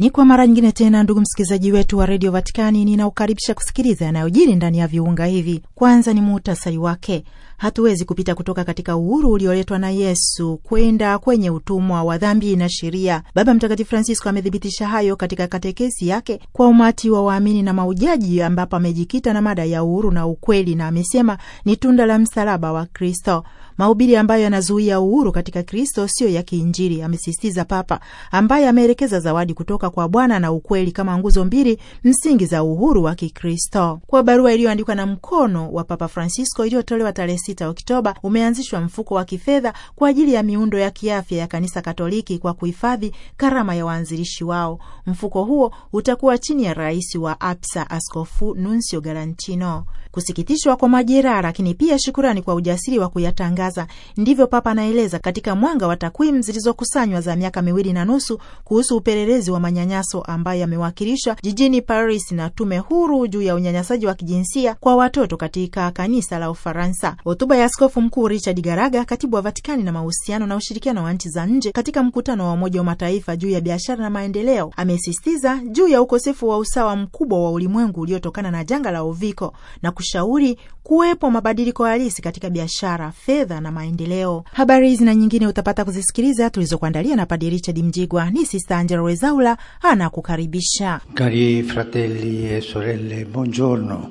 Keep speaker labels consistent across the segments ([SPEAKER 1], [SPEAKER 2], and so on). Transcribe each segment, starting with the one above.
[SPEAKER 1] Ni kwa mara nyingine tena, ndugu msikilizaji wetu wa redio Vatikani, ninaukaribisha kusikiliza yanayojiri ndani ya viunga hivi. Kwanza ni muhtasari wake. Hatuwezi kupita kutoka katika uhuru ulioletwa na Yesu kwenda kwenye utumwa wa dhambi na sheria. Baba Mtakatifu Francisco amethibitisha hayo katika katekesi yake kwa umati wa waamini na maujaji, ambapo amejikita na mada ya uhuru na ukweli, na amesema ni tunda la msalaba wa Kristo. Mahubiri ambayo yanazuia uhuru katika Kristo siyo ya kiinjili, amesisitiza Papa, ambaye ameelekeza zawadi kutoka kwa Bwana na ukweli kama nguzo mbili msingi za uhuru wa Kikristo. Kwa barua iliyoandikwa na mkono wa Papa Francisco iliyotolewa tarehe 6 Oktoba, umeanzishwa mfuko wa kifedha kwa ajili ya miundo ya kiafya ya Kanisa Katoliki kwa kuhifadhi karama ya waanzilishi wao. Mfuko huo utakuwa chini ya rais wa APSA Askofu Nuncio Galantino. Kusikitishwa kwa majeraha, lakini pia shukurani kwa ujasiri wa kuyatangaza Gaza. Ndivyo Papa anaeleza katika mwanga wa takwimu zilizokusanywa za miaka miwili na nusu kuhusu upelelezi wa manyanyaso ambayo yamewakilishwa jijini Paris na tume huru juu ya unyanyasaji wa kijinsia kwa watoto katika kanisa la Ufaransa. Hotuba ya Askofu Mkuu Richard Garaga, katibu wa Vatikani na mahusiano na ushirikiano wa nchi za nje, katika mkutano wa Umoja wa Mataifa juu ya biashara na maendeleo, amesisitiza juu ya ukosefu wa usawa mkubwa wa ulimwengu uliotokana na janga la uviko na kushauri kuwepo mabadiliko halisi katika biashara, fedha fedha na maendeleo. Habari hizi na nyingine utapata kuzisikiliza tulizokuandalia na Padre Richard Mjigwa. Ni Sista Angela Wezaula anakukaribisha.
[SPEAKER 2] Cari fratelli e sorelle, buongiorno.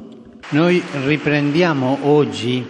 [SPEAKER 2] Noi riprendiamo oggi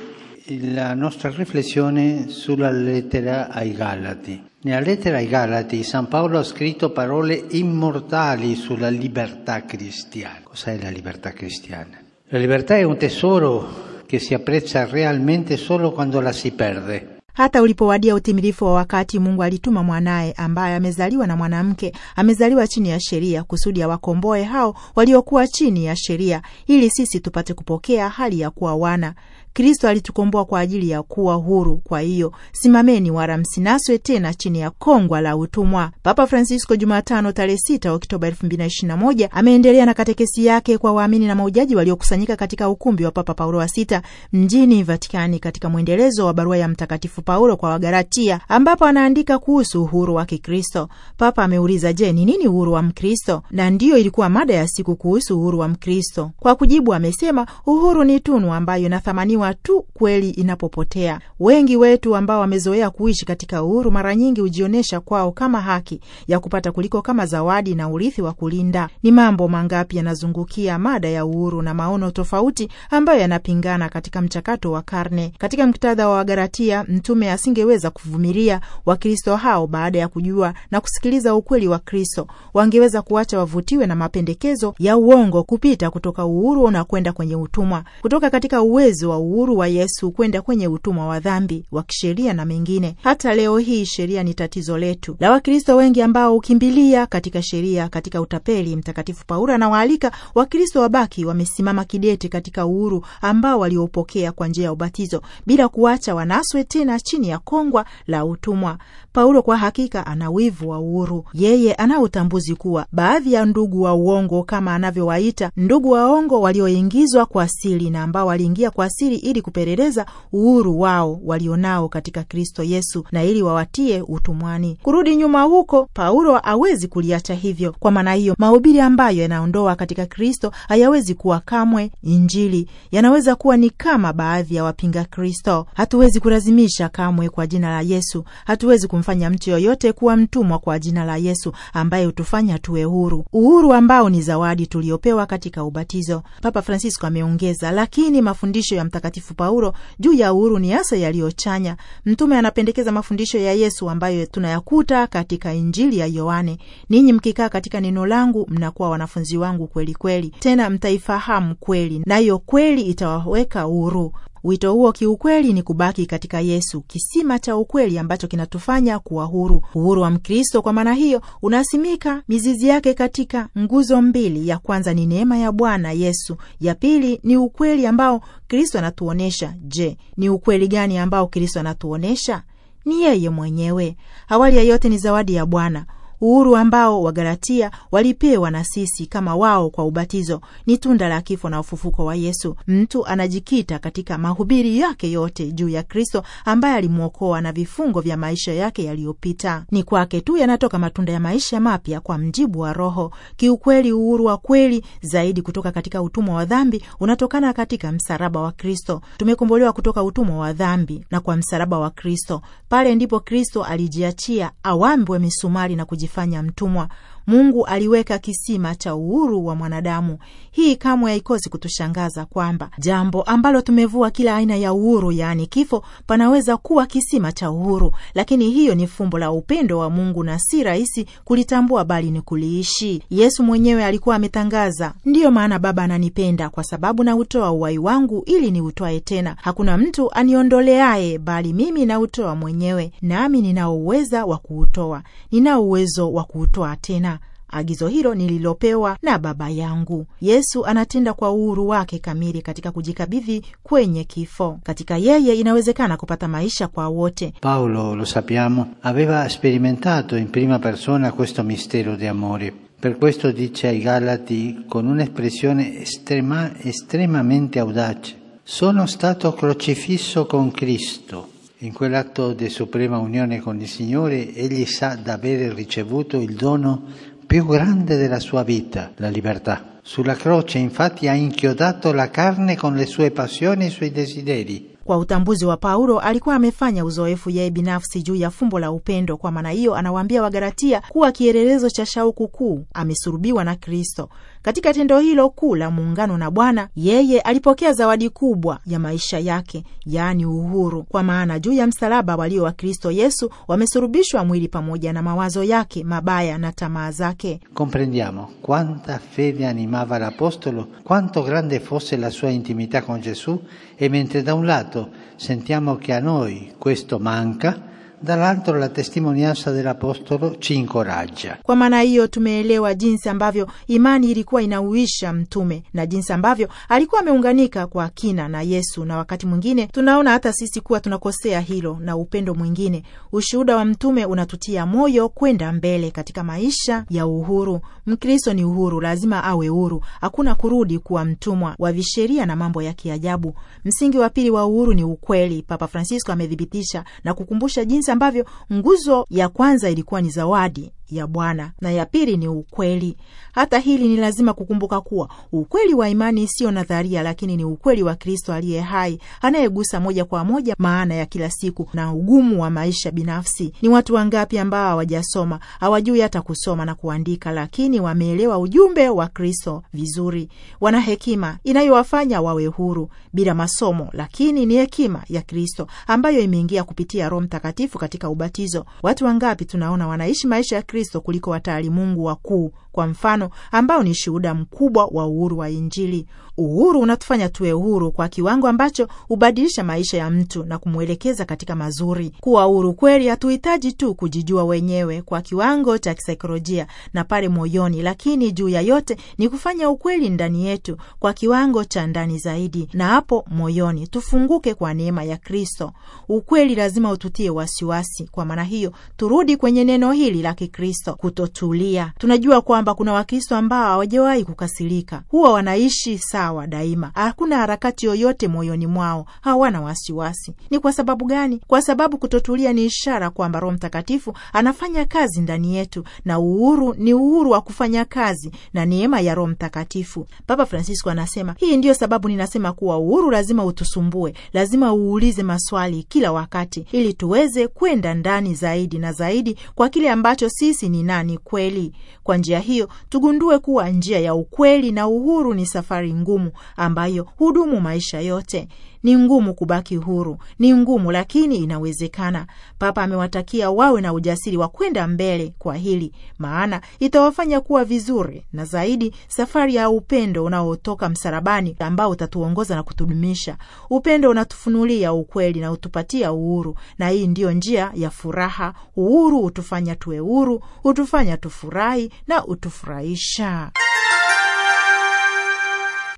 [SPEAKER 2] la nostra riflessione sulla lettera ai Galati. Nella lettera ai Galati San Paolo ha scritto parole immortali sulla libertà cristiana. Cos'è la libertà cristiana? La libertà è un tesoro que se apprezza realmente solo cuando la si perde.
[SPEAKER 1] Hata ulipowadia utimilifu wa wakati, Mungu alituma mwanaye ambaye amezaliwa na mwanamke, amezaliwa chini ya sheria, kusudi awakomboe hao waliokuwa chini ya sheria, ili sisi tupate kupokea hali ya kuwa wana. Kristo alitukomboa kwa ajili ya kuwa huru. Kwa hiyo simameni, wala msinaswe tena chini ya kongwa la utumwa. Papa Francisco Jumatano tarehe 6 Oktoba 2021 ameendelea na katekesi yake kwa waamini na maujaji waliokusanyika katika ukumbi wa Papa Paulo wa sita mjini Vatikani, katika mwendelezo wa barua ya Mtakatifu Paulo kwa Wagalatia ambapo anaandika kuhusu uhuru wa Kikristo. Papa ameuliza, je, ni nini uhuru wa Mkristo? Na ndiyo ilikuwa mada ya siku kuhusu uhuru wa Mkristo. Kwa kujibu, amesema uhuru ni tunu ambayo inathamaniwa tu kweli inapopotea. Wengi wetu ambao wamezoea kuishi katika uhuru mara nyingi hujionyesha kwao kama haki ya kupata kuliko kama zawadi na urithi wa kulinda. Ni mambo mangapi yanazungukia mada ya uhuru na maono tofauti ambayo yanapingana katika mchakato wa karne. Katika muktadha wa Wagalatia, mtume asingeweza kuvumilia Wakristo hao. Baada ya kujua na kusikiliza ukweli wa Kristo, wangeweza kuacha wavutiwe na mapendekezo ya uongo kupita kutoka uhuru na kwenda kwenye utumwa, kutoka katika uwezo wa uhuru uhuru wa Yesu kwenda kwenye utumwa wa dhambi wa kisheria na mengine. Hata leo hii sheria ni tatizo letu la Wakristo wengi ambao hukimbilia katika sheria, katika utapeli. Mtakatifu Paulo anawaalika Wakristo wabaki wamesimama kidete katika uhuru ambao waliopokea kwa njia ya ubatizo, bila kuacha wanaswe tena chini ya kongwa la utumwa. Paulo kwa hakika ana wivu wa uhuru, yeye ana utambuzi kuwa baadhi ya ndugu wa uongo kama anavyowaita ndugu waongo, walioingizwa kwa asili na ambao waliingia kwa asili ili kupeleleza uhuru wao walionao katika Kristo Yesu na ili wawatie utumwani. Kurudi nyuma huko Paulo hawezi kuliacha hivyo. Kwa maana hiyo, mahubiri ambayo yanaondoa katika Kristo hayawezi kuwa kamwe Injili. Yanaweza kuwa ni kama baadhi ya wapinga Kristo. Hatuwezi kulazimisha kamwe kwa jina la Yesu. Hatuwezi kumfanya mtu yoyote kuwa mtumwa kwa jina la Yesu ambaye hutufanya tuwe huru, uhuru ambao ni zawadi tuliopewa katika ubatizo. Papa Francisco ameongeza, lakini mafundisho ya mtaka Mtakatifu Paulo juu ya uhuru ni hasa yaliyochanya. Mtume anapendekeza mafundisho ya Yesu ambayo tunayakuta katika Injili ya Yohane: ninyi mkikaa katika neno langu mnakuwa wanafunzi wangu kweli kweli, tena mtaifahamu kweli, nayo kweli itawaweka uhuru. Wito huo kiukweli ni kubaki katika Yesu, kisima cha ukweli ambacho kinatufanya kuwa huru. Uhuru wa Mkristo kwa maana hiyo unasimika mizizi yake katika nguzo mbili: ya kwanza ni neema ya Bwana Yesu, ya pili ni ukweli ambao Kristo anatuonyesha. Je, ni ukweli gani ambao Kristo anatuonyesha? Ni yeye mwenyewe. Awali ya yote ni zawadi ya Bwana. Uhuru ambao Wagalatia walipewa na sisi kama wao kwa ubatizo ni tunda la kifo na ufufuko wa Yesu. Mtu anajikita katika mahubiri yake yote juu ya Kristo ambaye alimwokoa na vifungo vya maisha yake yaliyopita. Ni kwake tu yanatoka matunda ya maisha mapya kwa mjibu wa Roho. Kiukweli, uhuru wa kweli zaidi kutoka katika utumwa wa dhambi unatokana katika msalaba wa Kristo. Tumekombolewa kutoka utumwa wa dhambi na kwa msalaba wa Kristo. Pale ndipo Kristo alijiachia awambwe misumari na kuji kujifanya mtumwa. Mungu aliweka kisima cha uhuru wa mwanadamu. Hii kamwe haikosi kutushangaza kwamba jambo ambalo tumevua kila aina ya uhuru, yaani kifo, panaweza kuwa kisima cha uhuru, lakini hiyo ni fumbo la upendo wa Mungu na si rahisi kulitambua, bali ni kuliishi. Yesu mwenyewe alikuwa ametangaza, ndiyo maana Baba ananipenda kwa sababu nautoa uhai wangu ili niutwae tena, hakuna mtu aniondoleaye, bali mimi nautoa mwenyewe, nami ninao uweza wa kuutoa, ninao uwezo wa kuutoa tena agizo hilo nililopewa na Baba yangu. Yesu anatenda kwa uhuru wake kamili katika kujikabidhi kwenye kifo. Katika yeye inawezekana kupata maisha kwa wote.
[SPEAKER 2] paulo lo sappiamo, aveva sperimentato in prima persona questo mistero di amore. Per questo dice ai Galati con un'espressione estrema, estremamente audace, sono stato crocifisso con Cristo. In quell'atto di suprema unione con il Signore, egli sa d'avere ricevuto il dono più grande della sua vita, la libertà. Sulla croce infatti ha inchiodato la carne con le sue passioni e i suoi desideri.
[SPEAKER 1] Kwa utambuzi wa Paulo alikuwa amefanya uzoefu yeye binafsi juu ya fumbo la upendo. Kwa maana hiyo, anawaambia Wagalatia kuwa kielelezo cha shauku kuu, amesurubiwa na Kristo katika tendo hilo kuu la muungano na Bwana, yeye alipokea zawadi kubwa ya maisha yake, yaani uhuru, kwa maana juu ya msalaba walio wa Kristo Yesu wamesurubishwa mwili pamoja na mawazo yake mabaya na tamaa zake.
[SPEAKER 2] Comprendiamo quanta fede animava l'apostolo, quanto grande fosse la sua intimita con jesu e mentre da un lato sentiamo che a noi questo manca dall'altro la testimonianza dell'Apostolo ci incoraggia.
[SPEAKER 1] Kwa maana hiyo tumeelewa jinsi ambavyo imani ilikuwa inauisha mtume na jinsi ambavyo alikuwa ameunganika kwa kina na Yesu, na wakati mwingine tunaona hata sisi kuwa tunakosea hilo na upendo mwingine. Ushuhuda wa mtume unatutia moyo kwenda mbele katika maisha ya uhuru. Mkristo ni uhuru, lazima awe huru, hakuna kurudi kuwa mtumwa wa visheria na mambo ya kiajabu. Msingi wa pili wa uhuru ni ukweli. Papa Francisco amethibitisha na kukumbusha jinsi jinsi ambavyo nguzo ya kwanza ilikuwa ni zawadi ya Bwana na ya pili ni ukweli. Hata hili ni lazima kukumbuka kuwa ukweli wa imani isiyo nadharia, lakini ni ukweli wa Kristo aliye hai, anayegusa moja kwa moja maana ya kila siku na ugumu wa maisha binafsi. Ni watu wangapi ambao hawajasoma, hawajui hata kusoma na kuandika, lakini wameelewa ujumbe wa Kristo vizuri. Wana hekima inayowafanya wawe huru bila masomo, lakini ni hekima ya Kristo ambayo imeingia kupitia Roho Mtakatifu katika ubatizo. Watu wangapi tunaona wanaishi maisha ya Kristo Kristo kuliko Mungu wakuu, kwa mfano, ambao ni shuhuda mkubwa wa uhuru wa Injili. Uhuru unatufanya tuwe uhuru kwa kiwango ambacho hubadilisha maisha ya mtu na kumwelekeza katika mazuri. Kuwa uhuru kweli hatuhitaji tu kujijua wenyewe kwa kiwango cha kisaikolojia na pale moyoni, lakini juu ya yote ni kufanya ukweli ndani yetu kwa kiwango cha ndani zaidi, na hapo moyoni tufunguke kwa neema ya Kristo. Ukweli lazima ututie wasiwasi. Kwa maana hiyo, turudi kwenye neno hili la Kikristo Wakristo kutotulia. Tunajua kwamba kuna Wakristo ambao hawajawahi kukasirika, huwa wanaishi sawa daima, hakuna harakati yoyote moyoni mwao, hawana wasiwasi. Ni kwa sababu gani? Kwa sababu kutotulia ni ishara kwamba Roho Mtakatifu anafanya kazi ndani yetu, na uhuru ni uhuru wa kufanya kazi na neema ya Roho Mtakatifu. Papa Francisco anasema hii ndiyo sababu ninasema kuwa uhuru lazima utusumbue, lazima uulize maswali kila wakati, ili tuweze kwenda ndani zaidi na zaidi kwa kile ambacho sisi sisi ni nani kweli. Kwa njia hiyo tugundue kuwa njia ya ukweli na uhuru ni safari ngumu ambayo hudumu maisha yote. Ni ngumu kubaki huru, ni ngumu, lakini inawezekana. Papa amewatakia wawe na ujasiri wa kwenda mbele kwa hili, maana itawafanya kuwa vizuri na zaidi safari ya upendo unaotoka msalabani, ambao utatuongoza na kutudumisha. Upendo unatufunulia ukweli na utupatia uhuru, na hii ndiyo njia ya furaha. Uhuru hutufanya tuwe huru, hutufanya tufurahi na hutufurahisha.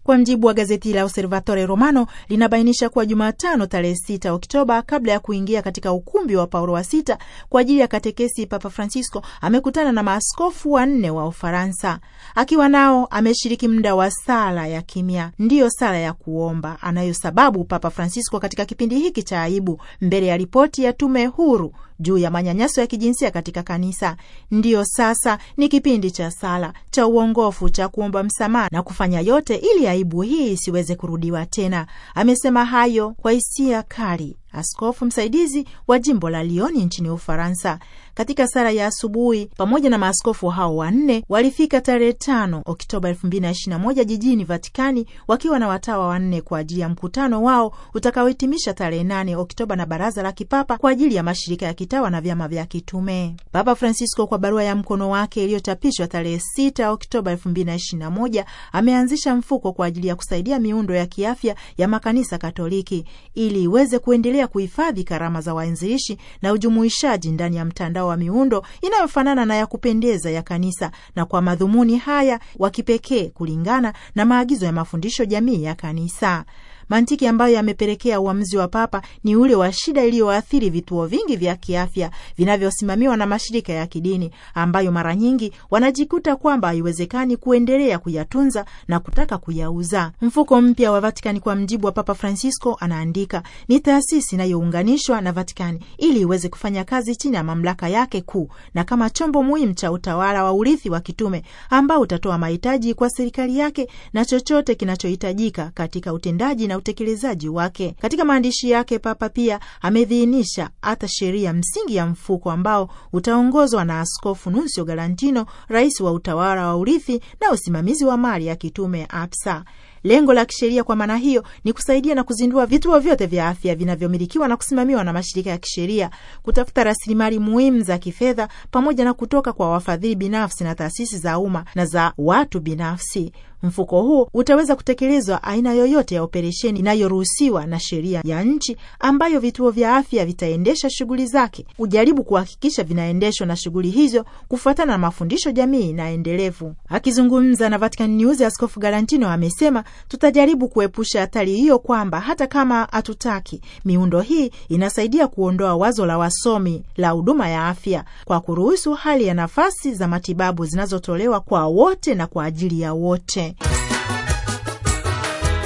[SPEAKER 1] Kwa mjibu wa gazeti la Osservatore Romano, linabainisha kuwa Jumatano tarehe sita Oktoba, kabla ya kuingia katika ukumbi wa Paulo wa sita kwa ajili ya katekesi, Papa Francisco amekutana na maaskofu wanne wa Ufaransa. Akiwa nao ameshiriki muda wa sala ya kimya, ndiyo sala ya kuomba anayosababu Papa Francisco katika kipindi hiki cha aibu, mbele ya ripoti ya tume huru juu ya manyanyaso ya kijinsia katika kanisa. Ndiyo, sasa ni kipindi cha sala cha uongofu cha kuomba msamaha na kufanya yote ili aibu hii isiweze kurudiwa tena. Amesema hayo kwa hisia kali askofu msaidizi wa jimbo la Lioni nchini Ufaransa. Katika sala ya asubuhi pamoja na maaskofu hao wanne walifika tarehe tano Oktoba elfu mbili na ishirini na moja jijini Vatikani wakiwa na watawa wanne kwa ajili ya mkutano wao utakaohitimisha tarehe nane Oktoba na baraza la kipapa kwa ajili ya mashirika ya kitawa na vyama vya kitume. Papa Francisco kwa barua ya mkono wake iliyochapishwa tarehe sita Oktoba elfu mbili na ishirini na moja ameanzisha mfuko kwa ajili ya kusaidia miundo ya kiafya ya makanisa Katoliki ili iweze kuendelea ya kuhifadhi karama za waanzilishi na ujumuishaji ndani ya mtandao wa miundo inayofanana na ya kupendeza ya kanisa, na kwa madhumuni haya wa kipekee kulingana na maagizo ya mafundisho jamii ya kanisa. Mantiki ambayo yamepelekea uamuzi wa Papa ni ule wa shida iliyoathiri vituo vingi vya kiafya vinavyosimamiwa na mashirika ya kidini, ambayo mara nyingi wanajikuta kwamba haiwezekani kuendelea kuyatunza na kutaka kuyauza. Mfuko mpya wa Vatikani, kwa mjibu wa Papa Francisco, anaandika ni taasisi inayounganishwa na Vatikani ili iweze kufanya kazi chini ya mamlaka yake kuu na kama chombo muhimu cha utawala wa urithi wa kitume ambao utatoa mahitaji kwa serikali yake na chochote kinachohitajika katika utendaji na utekelezaji wake. Katika maandishi yake, Papa pia amedhiinisha hata sheria msingi ya mfuko ambao utaongozwa na Askofu Nuncio Galantino, rais wa utawala wa urithi na usimamizi wa mali ya kitume ya APSA. Lengo la kisheria kwa maana hiyo ni kusaidia na kuzindua vituo vyote vya afya vinavyomilikiwa na kusimamiwa na mashirika ya kisheria, kutafuta rasilimali muhimu za kifedha pamoja na kutoka kwa wafadhili binafsi na taasisi za umma na za watu binafsi. Mfuko huu utaweza kutekelezwa aina yoyote ya operesheni inayoruhusiwa na sheria ya nchi ambayo vituo vya afya vitaendesha shughuli zake. Ujaribu kuhakikisha vinaendeshwa na shughuli hizo kufuatana na mafundisho jamii na endelevu. Akizungumza na Vatican News, Askofu Garantino amesema, tutajaribu kuepusha hatari hiyo, kwamba hata kama hatutaki, miundo hii inasaidia kuondoa wazo la wasomi la huduma ya afya kwa kuruhusu hali ya nafasi za matibabu zinazotolewa kwa wote na kwa ajili ya wote.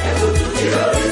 [SPEAKER 1] É muito É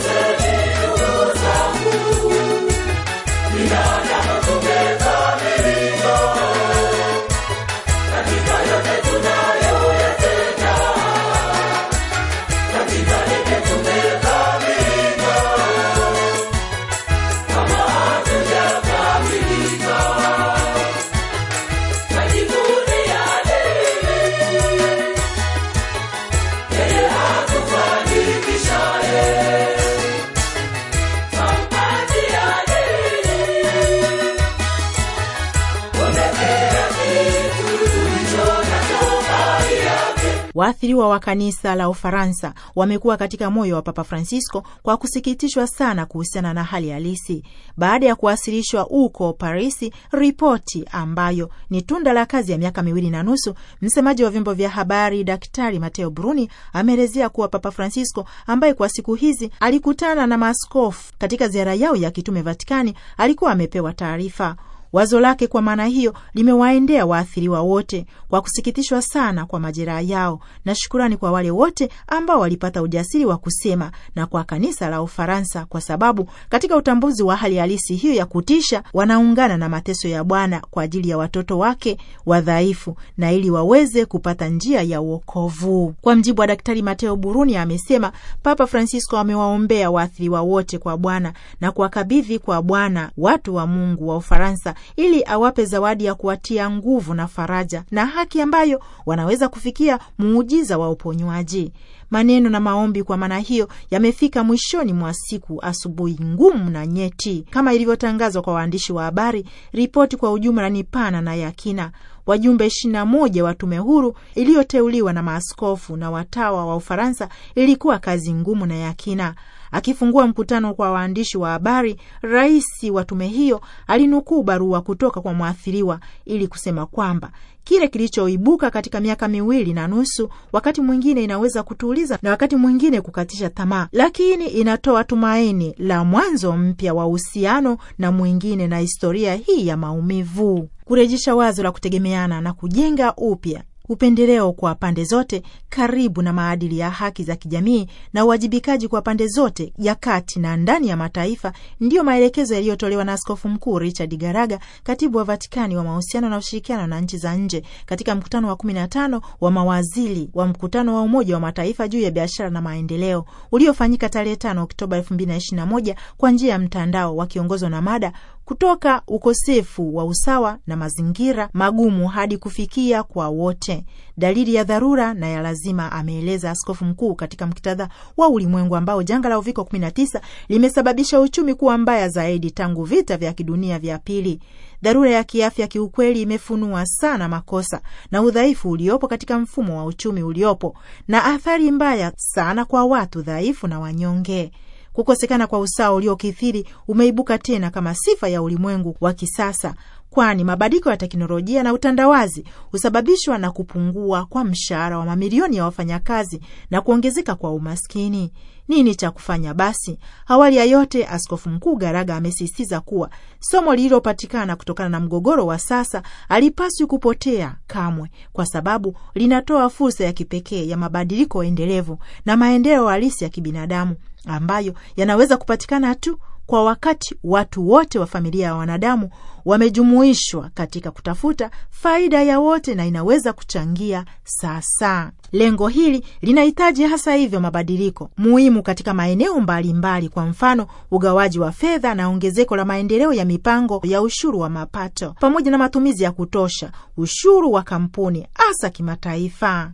[SPEAKER 1] Waathiriwa wa kanisa la Ufaransa wamekuwa katika moyo wa Papa Francisco kwa kusikitishwa sana kuhusiana na hali halisi baada ya kuwasilishwa huko Parisi ripoti ambayo ni tunda la kazi ya miaka miwili na nusu. Msemaji wa vyombo vya habari Daktari Mateo Bruni ameelezea kuwa Papa Francisco ambaye kwa siku hizi alikutana na maaskofu katika ziara yao ya kitume Vatikani alikuwa amepewa taarifa Wazo lake kwa maana hiyo limewaendea waathiriwa wote kwa kusikitishwa sana kwa majeraha yao, na shukurani kwa wale wote ambao walipata ujasiri wa kusema, na kwa kanisa la Ufaransa, kwa sababu katika utambuzi wa hali halisi hiyo ya kutisha wanaungana na mateso ya Bwana kwa ajili ya watoto wake wadhaifu, na ili waweze kupata njia ya uokovu. Kwa mjibu wa Daktari Mateo Buruni, amesema Papa Francisco amewaombea waathiriwa wote kwa Bwana na kuwakabidhi kwa Bwana watu wa Mungu wa Ufaransa ili awape zawadi ya kuwatia nguvu na faraja na haki ambayo wanaweza kufikia muujiza wa uponywaji. Maneno na maombi kwa maana hiyo yamefika mwishoni mwa siku, asubuhi ngumu na nyeti, kama ilivyotangazwa kwa waandishi wa habari. Ripoti kwa ujumla ni pana na ya kina. Wajumbe ishirini moja wa tume huru iliyoteuliwa na maaskofu na watawa wa Ufaransa ilikuwa kazi ngumu na ya kina. Akifungua mkutano kwa waandishi wa habari, rais wa tume hiyo alinukuu barua kutoka kwa mwathiriwa ili kusema kwamba kile kilichoibuka katika miaka miwili na nusu, wakati mwingine inaweza kutuuliza na wakati mwingine kukatisha tamaa, lakini inatoa tumaini la mwanzo mpya wa uhusiano na mwingine na historia hii ya maumivu, kurejesha wazo la kutegemeana na kujenga upya upendeleo kwa pande zote karibu na maadili ya haki za kijamii na uwajibikaji kwa pande zote ya kati na ndani ya mataifa ndiyo maelekezo yaliyotolewa na Askofu Mkuu Richard Garaga, katibu wa Vatikani wa mahusiano na ushirikiano na nchi za nje, katika mkutano wa 15 wa mawaziri wa mkutano wa Umoja wa Mataifa juu ya biashara na maendeleo uliofanyika tarehe 5 Oktoba 2021 kwa njia ya mtandao, wakiongozwa na mada kutoka ukosefu wa usawa na mazingira magumu hadi kufikia kwa wote, dalili ya dharura na ya lazima, ameeleza askofu mkuu katika muktadha wa ulimwengu ambao janga la uviko 19 limesababisha uchumi kuwa mbaya zaidi tangu vita vya kidunia vya pili. Dharura ya kiafya kiukweli imefunua sana makosa na udhaifu uliopo katika mfumo wa uchumi uliopo na athari mbaya sana kwa watu dhaifu na wanyonge. Kukosekana kwa usawa uliokithiri umeibuka tena kama sifa ya ulimwengu wa kisasa, kwani mabadiliko ya teknolojia na utandawazi husababishwa na kupungua kwa mshahara wa mamilioni ya wafanyakazi na kuongezeka kwa umaskini. Nini cha kufanya basi? Awali ya yote, Askofu Mkuu Garaga amesisitiza kuwa somo lililopatikana kutokana na mgogoro wa sasa halipaswi kupotea kamwe, kwa sababu linatoa fursa ya kipekee ya mabadiliko endelevu na maendeleo halisi ya kibinadamu ambayo yanaweza kupatikana tu kwa wakati watu wote wa familia ya wanadamu wamejumuishwa katika kutafuta faida ya wote na inaweza kuchangia sasa. Lengo hili linahitaji hasa hivyo mabadiliko muhimu katika maeneo mbalimbali mbali, kwa mfano ugawaji wa fedha na ongezeko la maendeleo ya mipango ya ushuru wa mapato pamoja na matumizi ya kutosha, ushuru wa kampuni hasa kimataifa.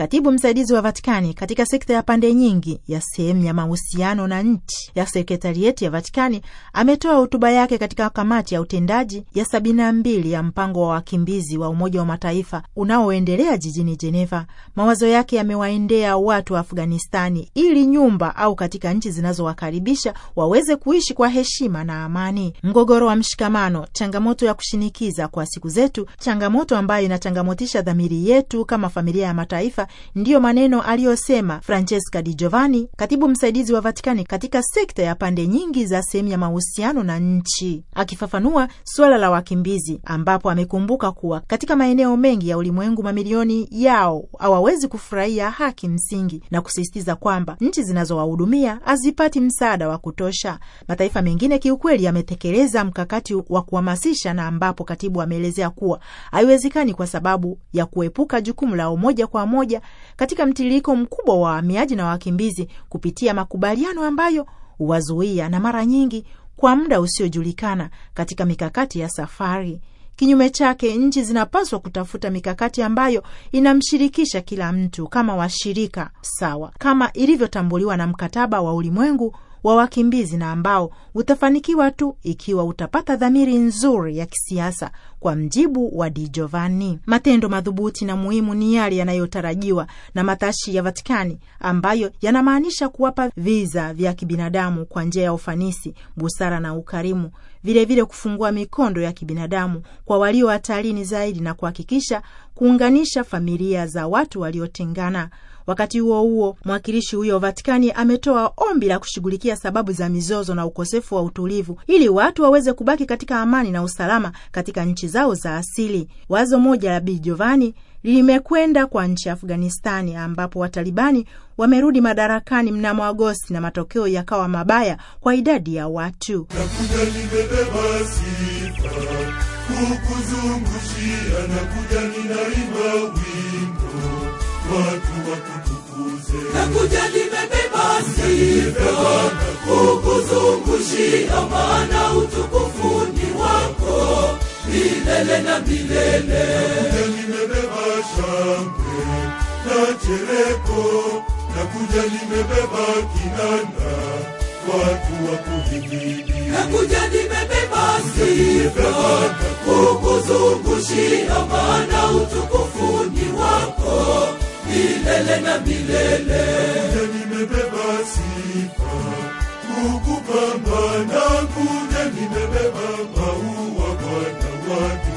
[SPEAKER 1] Katibu msaidizi wa Vatikani katika sekta ya pande nyingi ya sehemu ya mahusiano na nchi ya sekretarieti ya Vatikani ametoa hotuba yake katika kamati ya utendaji ya sabini na mbili ya mpango wa wakimbizi wa Umoja wa Mataifa unaoendelea jijini Jeneva. Mawazo yake yamewaendea watu wa Afghanistani ili nyumba au katika nchi zinazowakaribisha waweze kuishi kwa heshima na amani. Mgogoro wa mshikamano, changamoto ya kushinikiza kwa siku zetu, changamoto ambayo inachangamotisha dhamiri yetu kama familia ya mataifa ndiyo maneno aliyosema Francesca Di Giovanni, katibu msaidizi wa Vatikani katika sekta ya pande nyingi za sehemu ya mahusiano na nchi, akifafanua suala la wakimbizi, ambapo amekumbuka kuwa katika maeneo mengi ya ulimwengu mamilioni yao hawawezi kufurahia haki msingi, na kusisitiza kwamba nchi zinazowahudumia hazipati msaada wa kutosha. Mataifa mengine kiukweli yametekeleza mkakati wa kuhamasisha, na ambapo katibu ameelezea kuwa haiwezekani kwa sababu ya kuepuka jukumu la moja kwa moja katika mtiririko mkubwa wa wahamiaji na wakimbizi kupitia makubaliano ambayo huwazuia na mara nyingi kwa muda usiojulikana katika mikakati ya safari. Kinyume chake, nchi zinapaswa kutafuta mikakati ambayo inamshirikisha kila mtu kama washirika sawa, kama ilivyotambuliwa na mkataba wa ulimwengu wa wakimbizi na ambao utafanikiwa tu ikiwa utapata dhamiri nzuri ya kisiasa, kwa mjibu wa Di Giovanni. Matendo madhubuti na muhimu ni yale yanayotarajiwa na matashi ya Vatikani ambayo yanamaanisha kuwapa viza vya kibinadamu kwa njia ya ufanisi, busara na ukarimu, vilevile vile kufungua mikondo ya kibinadamu kwa walio hatarini zaidi na kuhakikisha kuunganisha familia za watu waliotengana. Wakati huo huo, mwakilishi huyo Vatikani ametoa ombi la kushughulikia sababu za mizozo na ukosefu wa utulivu ili watu waweze kubaki katika amani na usalama katika nchi zao za asili. Wazo moja la Bi Jovani limekwenda kwa nchi ya Afghanistani ambapo Watalibani wamerudi madarakani mnamo Agosti na matokeo yakawa mabaya kwa idadi ya watu. Nakuja ninaimba wimbo watu nakuja nimebeba sifa
[SPEAKER 2] kukuzungushia, maana utukufu ni wako
[SPEAKER 1] milele na milele. Nakuja nimebeba shangwe na chereko, nakuja nimebeba kinanda watu wa kuhimidi. Nakuja nimebeba sifa
[SPEAKER 2] kukuzungushia, maana utukufu ni wako milele na milele. Kuja nimebeba sifa kukupambana, kuja nimebeba maua
[SPEAKER 3] Bwana, watu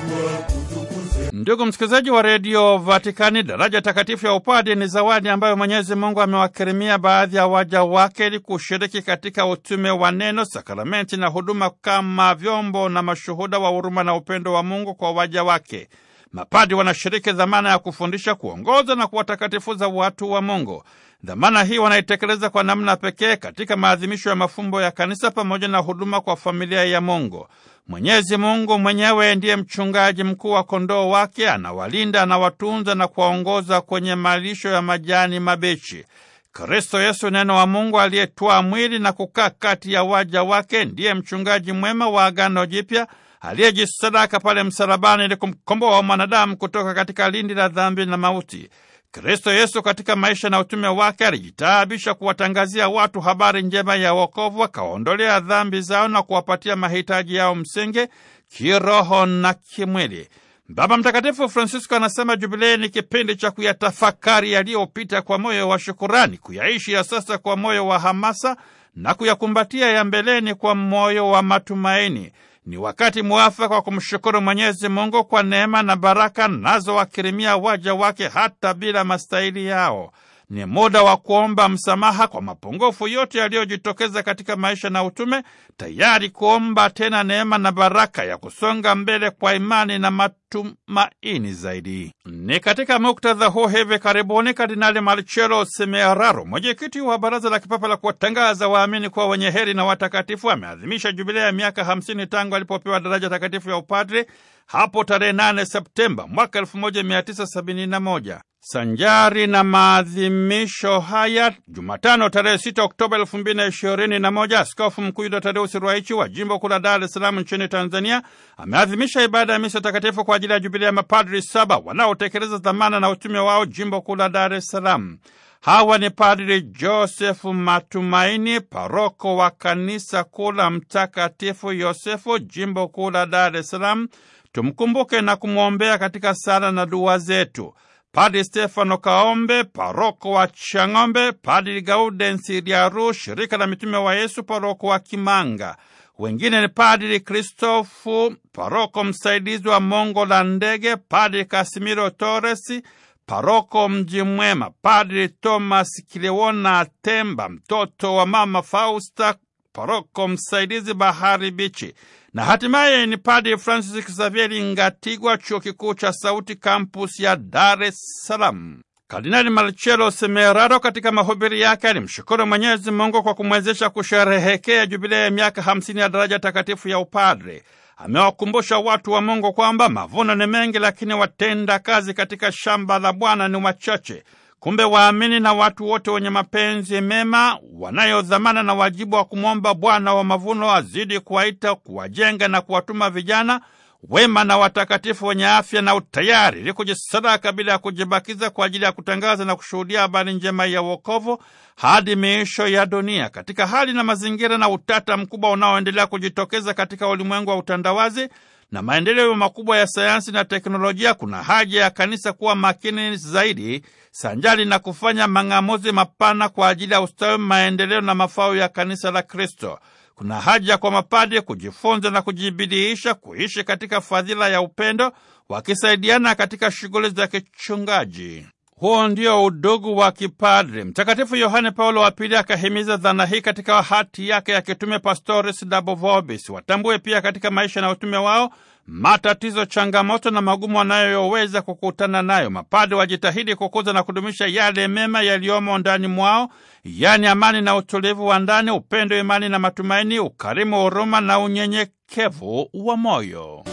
[SPEAKER 3] Ndugu msikilizaji wa redio Vatikani, daraja takatifu ya upadi ni zawadi ambayo Mwenyezi Mungu amewakirimia baadhi ya waja wake ili kushiriki katika utume wa neno, sakramenti na huduma kama vyombo na mashuhuda wa huruma na upendo wa Mungu kwa waja wake. Mapadi wanashiriki dhamana ya kufundisha, kuongoza na kuwatakatifuza watu wa Mungu. Dhamana hii wanaitekeleza kwa namna pekee katika maadhimisho ya mafumbo ya kanisa pamoja na huduma kwa familia ya Mungu. Mwenyezi Mungu mwenyewe ndiye mchungaji mkuu wa kondoo wake, anawalinda, anawatunza na kuwaongoza kwenye malisho ya majani mabichi. Kristo Yesu, neno wa Mungu aliyetwaa mwili na kukaa kati ya waja wake, ndiye mchungaji mwema wa Agano Jipya aliyejisadaka pale msalabani ili kumkomboa mwanadamu kutoka katika lindi la dhambi na mauti. Kristo Yesu katika maisha na utume wake alijitaabisha kuwatangazia watu habari njema ya wokovu, akaondolea dhambi zao na kuwapatia mahitaji yao msingi kiroho na kimwili. Baba Mtakatifu Francisco anasema jubilei ni kipindi cha kuyatafakari yaliyopita kwa moyo wa shukurani, kuyaishi ya sasa kwa moyo wa hamasa na kuyakumbatia ya mbeleni kwa moyo wa matumaini. Ni wakati mwafaka wa kumshukuru Mwenyezi Mungu kwa neema na baraka nazowakirimia waja wake hata bila mastahili yao. Ni muda wa kuomba msamaha kwa mapungufu yote yaliyojitokeza katika maisha na utume, tayari kuomba tena neema na baraka ya kusonga mbele kwa imani na matumaini zaidi. Ni katika muktadha huu, hivi karibuni Kardinali Marcello Semeraro, mwenyekiti wa Baraza la Kipapa la kuwatangaza waamini kuwa wenye heri na watakatifu, ameadhimisha jubilea ya miaka hamsini tangu alipopewa daraja takatifu ya upadre hapo tarehe 8 Septemba mwaka 1971. Sanjari na maadhimisho haya, Jumatano tarehe 6 Oktoba 2021, Askofu Mkuu Yuda Tadeusi Ruwaichi wa jimbo kuu la Dar es Salaam nchini Tanzania ameadhimisha ibada ya misa takatifu kwa ajili ya jubilia ya mapadri saba wanaotekeleza dhamana na utume wao jimbo kuu la Dar es Salaam. Hawa ni Padri Josefu Matumaini, paroko wa kanisa kuu la Mtakatifu Yosefu, jimbo kuu la Dar es Salaam. Tumkumbuke na kumwombea katika sala na dua zetu. Padi Stefano Kaombe, paroko wa Chang'ombe, Padi Gaudensi Lyaru, shirika la mitume wa Yesu, paroko wa Kimanga. Wengine ni Padri Kristofu, paroko msaidizi wa Mongo la Ndege, Padri Kasimiro Toresi, paroko Mji Mwema, Padri Thomas Kilewona Temba, mtoto wa mama Fausta paroko msaidizi Bahari Bichi, na hatimaye ni padi Francis Xavier Ngatigwa, chuo kikuu cha Sauti, kampus ya Dar es Salaam. Kardinali Marcello Semeraro katika mahubiri yake alimshukuru Mwenyezi Mungu kwa kumwezesha kusherehekea jubilei ya miaka 50 ya daraja takatifu ya upadre. Amewakumbusha watu wa Mungu kwamba mavuno ni mengi, lakini watenda kazi katika shamba la Bwana ni wachache. Kumbe waamini na watu wote wenye mapenzi mema wanayodhamana na wajibu wa kumwomba Bwana wa mavuno azidi kuwaita, kuwajenga na kuwatuma vijana wema na watakatifu wenye afya na utayari ili kujisadaka bila ya kujibakiza kwa ajili ya kutangaza na kushuhudia habari njema ya wokovu hadi miisho ya dunia. Katika hali na mazingira na utata mkubwa unaoendelea kujitokeza katika ulimwengu wa utandawazi na maendeleo makubwa ya sayansi na teknolojia, kuna haja ya kanisa kuwa makini zaidi sanjali na kufanya mang'amuzi mapana kwa ajili ya ustawi, maendeleo na mafao ya kanisa la Kristo. Kuna haja kwa mapadi kujifunza na kujibidiisha kuishi katika fadhila ya upendo, wakisaidiana katika shughuli za kichungaji. Huo ndio udugu wa kipadre. Mtakatifu Yohane Paulo wa Pili akahimiza dhana hii katika hati yake ya kitume Pastoris Dabovobis. Watambue pia katika maisha na utume wao matatizo, changamoto na magumu wanayoweza kukutana nayo. Mapadre wajitahidi kukuza na kudumisha yale mema yaliyomo ndani mwao, yaani amani na utulivu wa ndani, upendo, imani na matumaini, ukarimu, huruma na unyenyekevu wa moyo.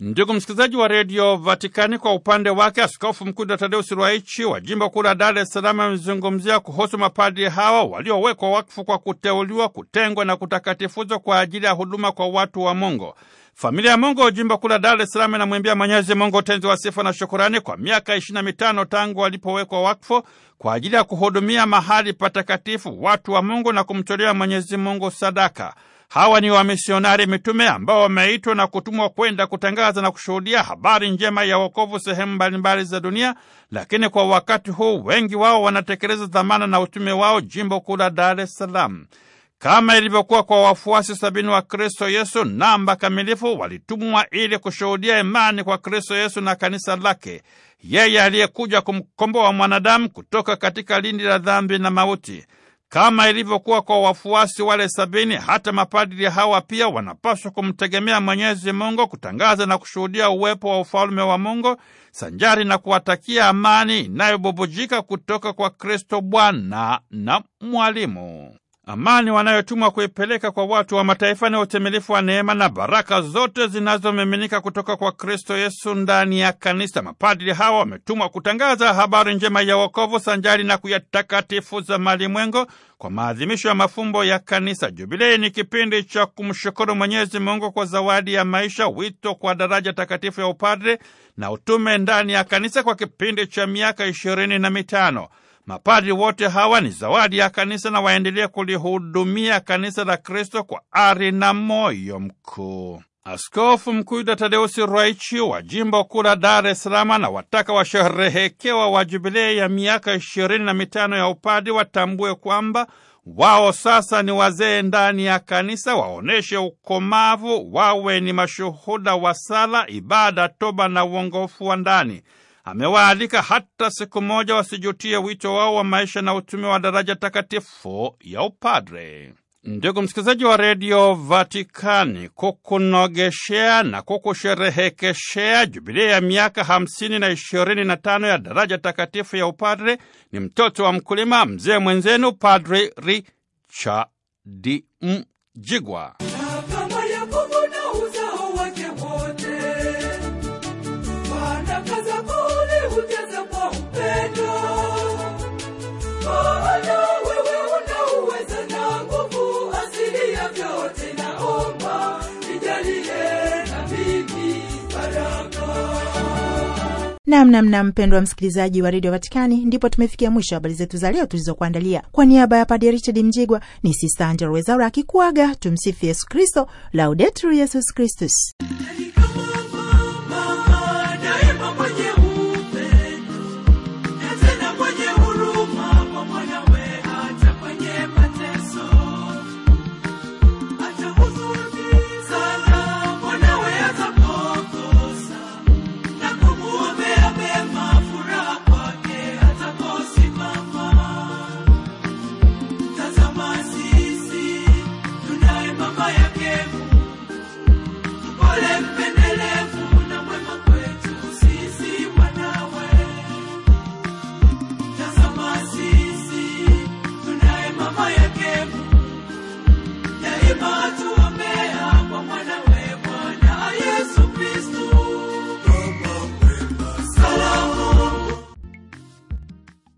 [SPEAKER 3] Ndugu msikilizaji wa redio Vatikani, kwa upande wake Askofu Mkuu Tadeus Ruwaichi wa jimbo kuu la Dar es Salaam amezungumzia kuhusu mapadri hawa waliowekwa wakfu kwa kuteuliwa, kutengwa na kutakatifuzwa kwa ajili ya huduma kwa watu wa Mungu. Familia ya Mungu jimbo kula Dar es Salaam inamwimbia Mwenyezi Mungu utenzi wa sifa na shukurani kwa miaka ishirini na mitano tangu walipowekwa wakfu kwa ajili ya kuhudumia mahali patakatifu watu wa Mungu na kumtolea Mwenyezi Mungu sadaka. Hawa ni wamisionari mitume ambao wameitwa na kutumwa kwenda kutangaza na kushuhudia habari njema ya wokovu sehemu mbalimbali za dunia, lakini kwa wakati huu wengi wao wanatekeleza dhamana na utume wao jimbo kuu la Dar es Salaam kama ilivyokuwa kwa wafuasi sabini wa Kristo Yesu, namba kamilifu, walitumwa ili kushuhudia imani kwa Kristo Yesu na kanisa lake, yeye aliyekuja kumkomboa mwanadamu kutoka katika lindi la dhambi na mauti. Kama ilivyokuwa kwa wafuasi wale sabini, hata mapadri hawa pia wanapaswa kumtegemea Mwenyezi Mungu, kutangaza na kushuhudia uwepo wa ufalume wa Mungu, sanjari na kuwatakia amani inayobubujika kutoka kwa Kristo Bwana na Mwalimu amani wanayotumwa kuipeleka kwa watu wa mataifa na utimilifu wa neema na baraka zote zinazomiminika kutoka kwa Kristo Yesu ndani ya kanisa. Mapadri hawa wametumwa kutangaza habari njema ya wokovu sanjari na kuyatakatifuza malimwengo kwa maadhimisho ya mafumbo ya kanisa. Jubilei ni kipindi cha kumshukuru Mwenyezi Mungu kwa zawadi ya maisha, wito kwa daraja takatifu ya upadre na utume ndani ya kanisa kwa kipindi cha miaka ishirini na mitano. Mapadri wote hawa ni zawadi ya kanisa na waendelee kulihudumia kanisa la Kristo kwa ari na moyo mkuu. Askofu Mkuu Yuda Tadeusi Rwaichi wa jimbo kuu la Dar es Salaam na wataka washerehekewa wa jubilei ya miaka ishirini na mitano ya upadri watambue kwamba wao sasa ni wazee ndani ya kanisa, waonyeshe ukomavu, wawe ni mashuhuda wa sala, ibada, toba na uongofu wa ndani amewaalika hata siku moja wasijutie wito wao wa maisha na utume wa daraja takatifu ya upadre. Ndugu msikilizaji wa redio Vatikani, kukunogeshea na kukusherehekeshea jubilia ya miaka hamsini na ishirini na tano ya daraja takatifu ya upadre ni mtoto wa mkulima, mzee mwenzenu Padre Richard Mjigwa.
[SPEAKER 1] namnamna. Mpendwa msikilizaji wa redio Vatikani, ndipo tumefikia mwisho habari zetu za leo tulizokuandalia. Kwa, kwa niaba ya Padre Richard Mjigwa ni Sista Angela Rwezaura akikuaga. Tumsifu Yesu Kristo, Laudetur Yesus Kristus.